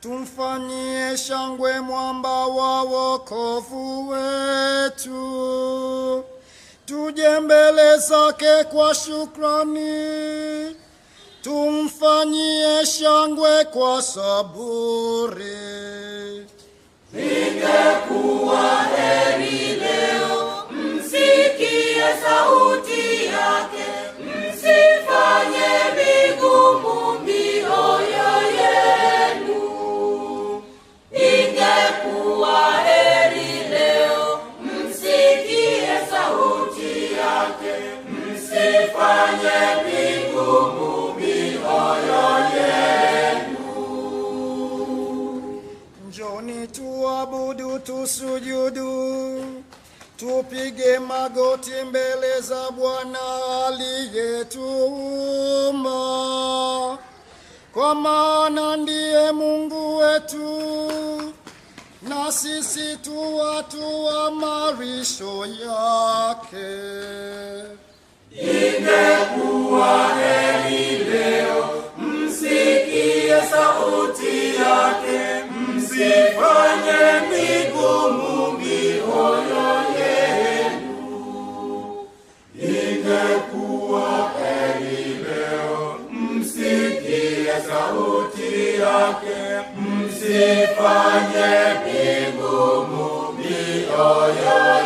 Tumfanyie shangwe mwamba wa wokovu wetu, tuje mbele zake kwa shukrani. Tumfanyie shangwe kwa saburi. Ingekuwa heri leo msiki tuabudu, tusujudu, tupige magoti mbele za Bwana aliyetuumba, kwa maana ndiye Mungu wetu na sisi tu watu wa marisho yake. Ingekuwa heri leo msikie sauti sauti yake, msifanye vigumu mioyo